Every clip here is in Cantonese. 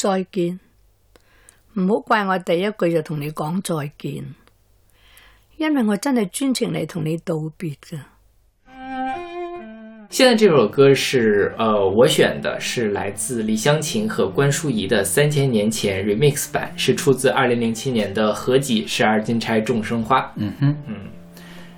再見，唔好怪我第一句就同你講再見，因為我真係專程嚟同你道別嘅。現在這首歌是，呃，我選的，是來自李香琴和關淑怡的三千年前 remix 版，是出自二零零七年的合輯《十二金釵眾生花》。嗯哼，嗯。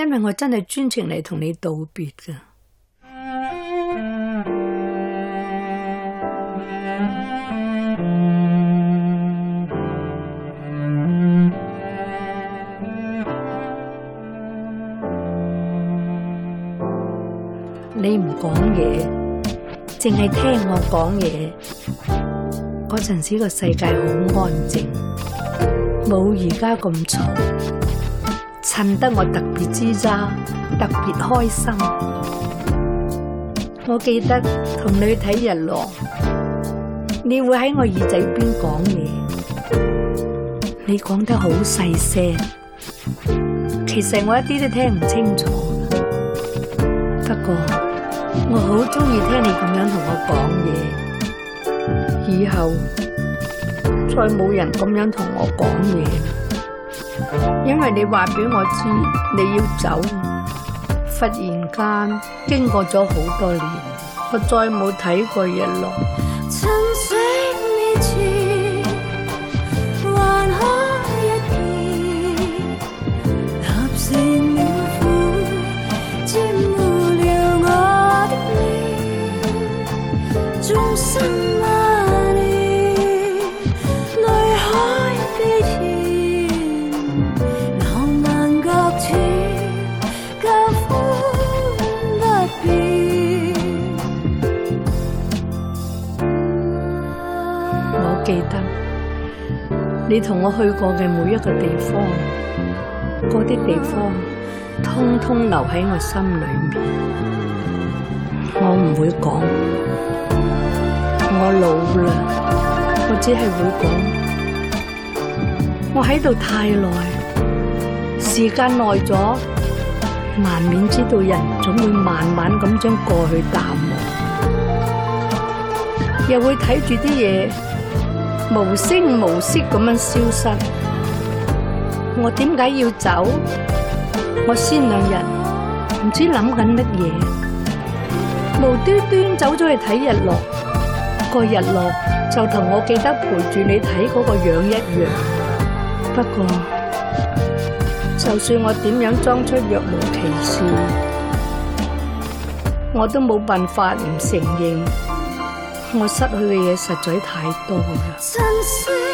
因為我真係專程嚟同你道別噶，你唔講嘢，淨係聽我講嘢，嗰陣時個世界好安靜，冇而家咁嘈。襯得我特別之渣，特別開心。我記得同你去睇日落，你會喺我耳仔邊講嘢，你講得好細聲，其實我一啲都聽唔清楚。不過我好中意聽你咁樣同我講嘢，以後再冇人咁樣同我講嘢。因為你話俾我知你要走，忽然間經過咗好多年，我再冇睇過日落。你同我去過嘅每一個地方，嗰啲地方通通留喺我心裏面。我唔會講，我老啦，我只係會講，我喺度太耐，時間耐咗，難免知道人總會慢慢咁將過去淡忘，又會睇住啲嘢，無聲無息咁樣消失，我點解要走？我先兩日唔知諗緊乜嘢，無端端走咗去睇日落，個日落就同我記得陪住你睇嗰個樣一樣。不過，就算我點樣裝出若無其事，我都冇辦法唔承認。我失去嘅嘢實在太多啦。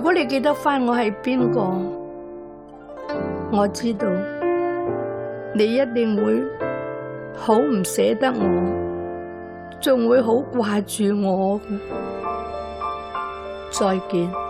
如果你記得翻我係邊個，我知道你一定會好唔捨得我，仲會好掛住我嘅。再見。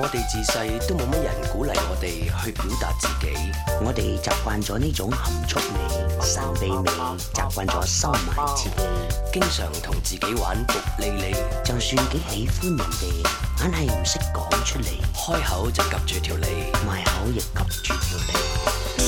我哋自細都冇乜人鼓勵我哋去表達自己，我哋習慣咗呢種含蓄美、神秘美，習慣咗收埋自己，經常同自己玩躲利利。就算幾喜歡人哋，硬係唔識講出嚟，開口就夾住條脷，埋口亦夾住條脷。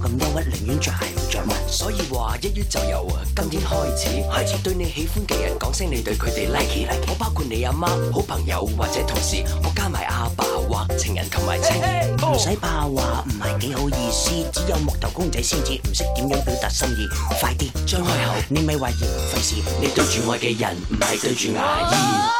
咁憂鬱，寧願著鞋唔着襪。所以話一於就由今天開始開始，是開始對你喜歡嘅人講聲你對佢哋 like 你 like.。我包括你阿媽，媽、好朋友或者同事，我加埋阿爸或情人同埋妻兒。唔使怕話，唔係幾好意思。只有木頭公仔先至唔識點樣表達心意。 快啲張開口，後 你咪話嫌費事。你對住我嘅人，唔係對住牙醫。